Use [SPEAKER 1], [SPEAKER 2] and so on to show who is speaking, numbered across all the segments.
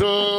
[SPEAKER 1] Santo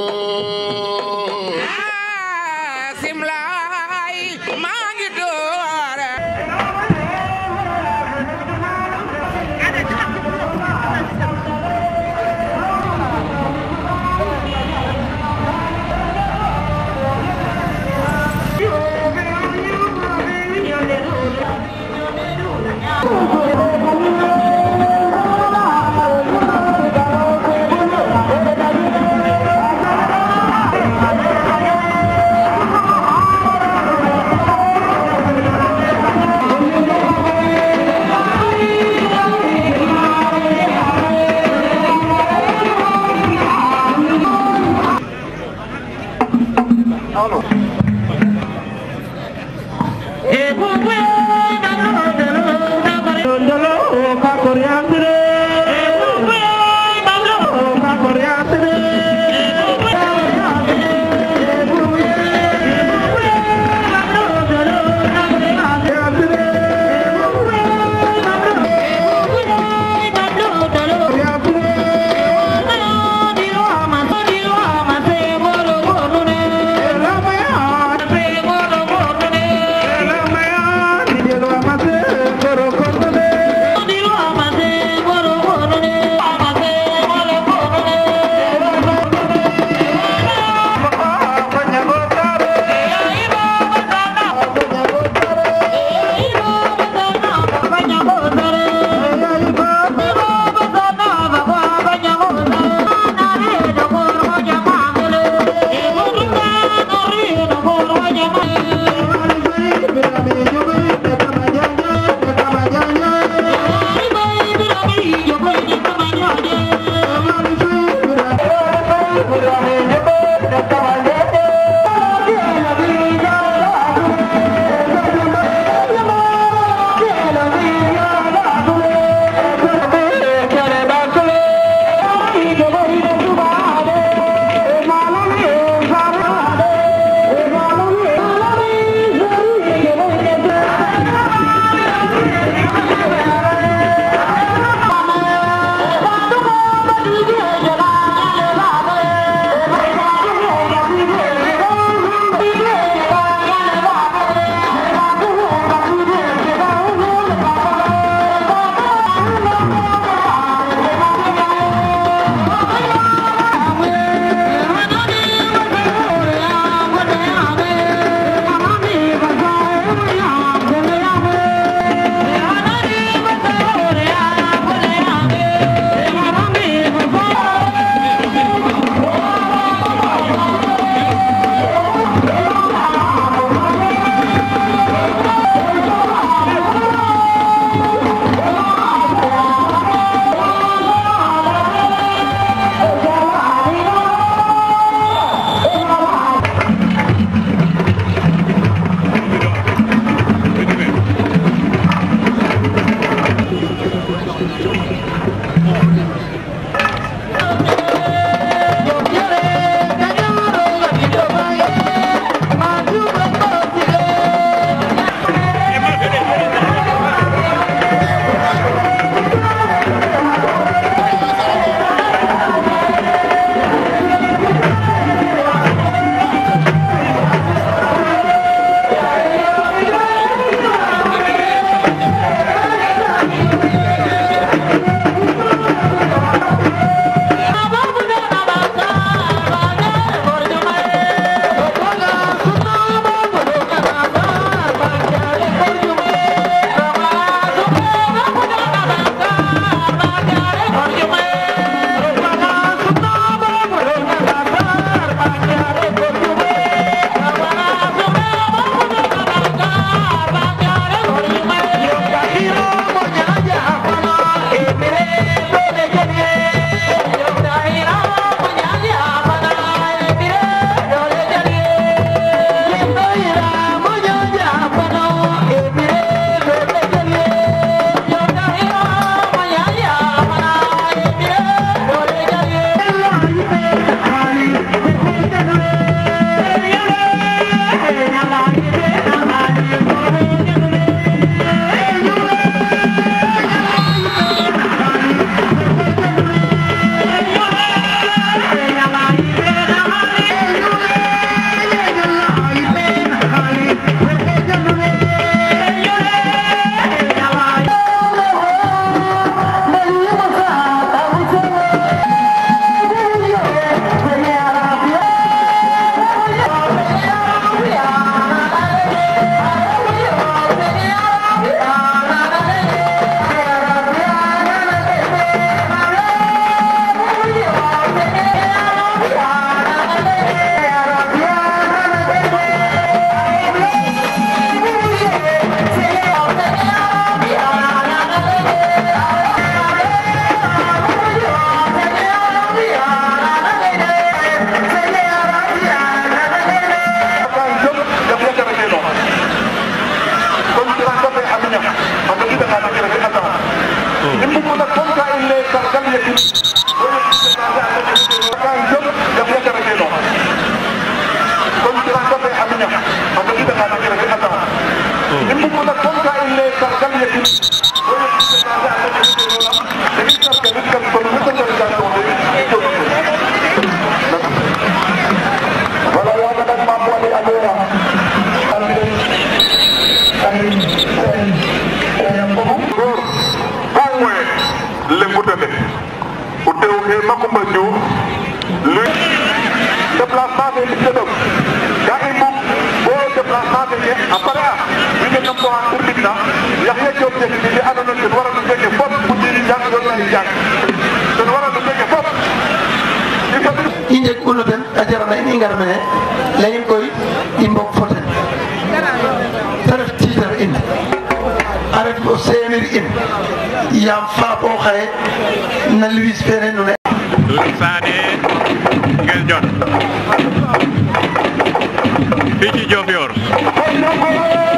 [SPEAKER 1] Woo! Hakuna konka inayekabilia kitu. Kwa hiyo sisi tunaanza kutengeneza lakini sasa katika kutengeneza katika Makumba Diouf lu déplacement fe ɗik te ɗom ga i mbug bo déplacement feke a pare'a ñu ko wax pour nit na yax ya jóob jëkk bi li àndoon nañ war a lu fekkee bopp bu diini jàng a jarana en ngar mene leyin koy i mbog foten te ref tiitar in a ref o seemir in yaam faap o xaye na luis fene nune Sané Nguel Ndione fii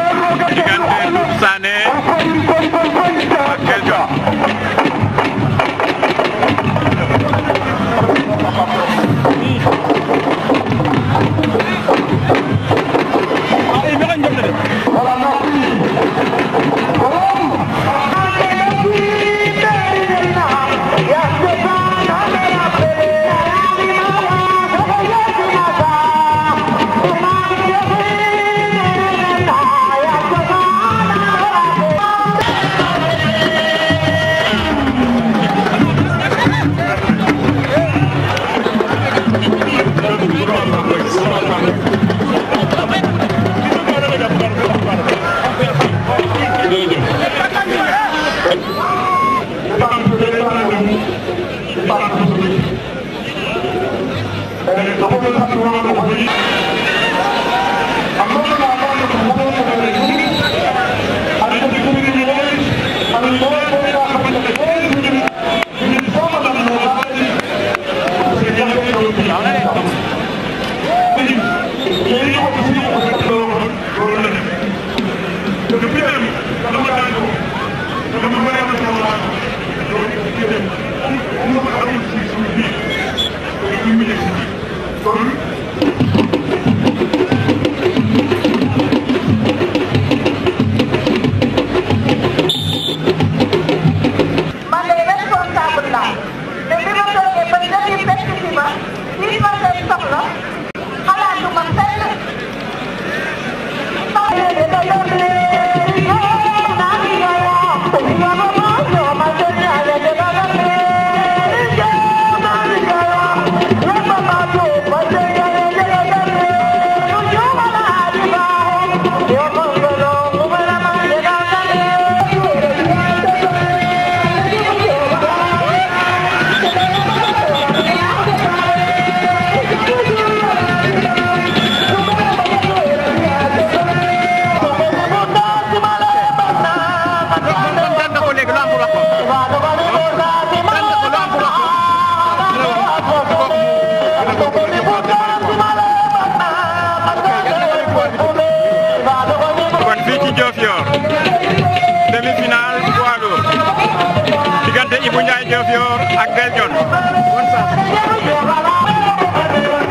[SPEAKER 1] bu Ndiaye Diop yor ak Bel Dione.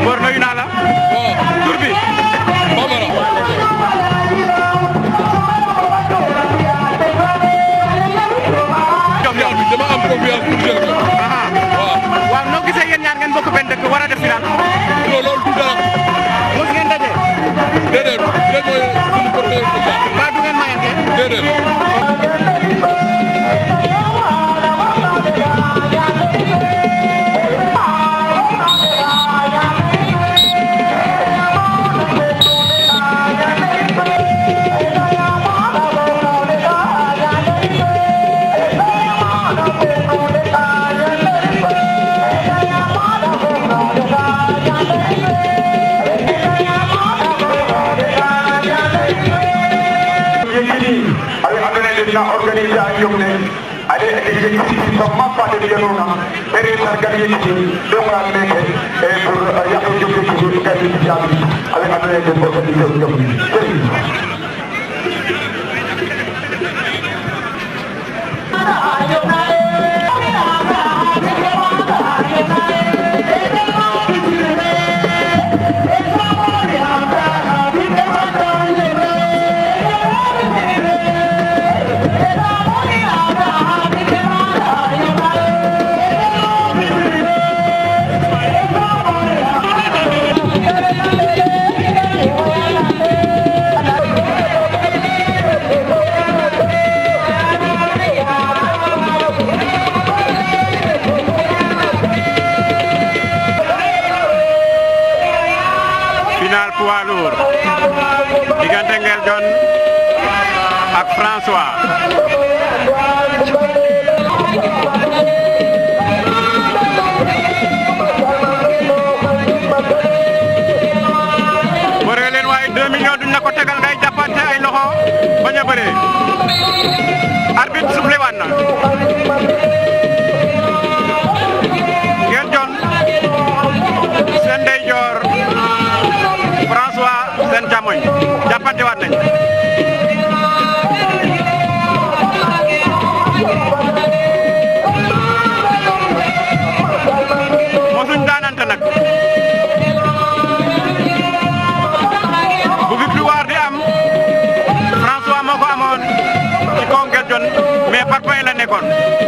[SPEAKER 1] Mor nuyu naa la. tur bi. Bambara. am confiance pour jël waaw noo gisee yéen ñaar ngeen bokk benn dëkk war a def final. non loolu du dara. mos ngeen daje. déedéet déedéet mooy suñu côté. mbaa du ngeen mayante. yegini aɓe andonede na organisé a yomne aɗa ede yeggiti so mappade mbiyanona ɓere sargal yeggiti ɗogal meke e pour yaɗo jogdekiti gandi jaabi aɓe andonede ko kadi jom jom jeri Ayona Sheldon ak François jàppante waat nañ mosuñ daanante nag bu victoire am François moo ko amoon ci Konguel Dione mais par point la nekkoon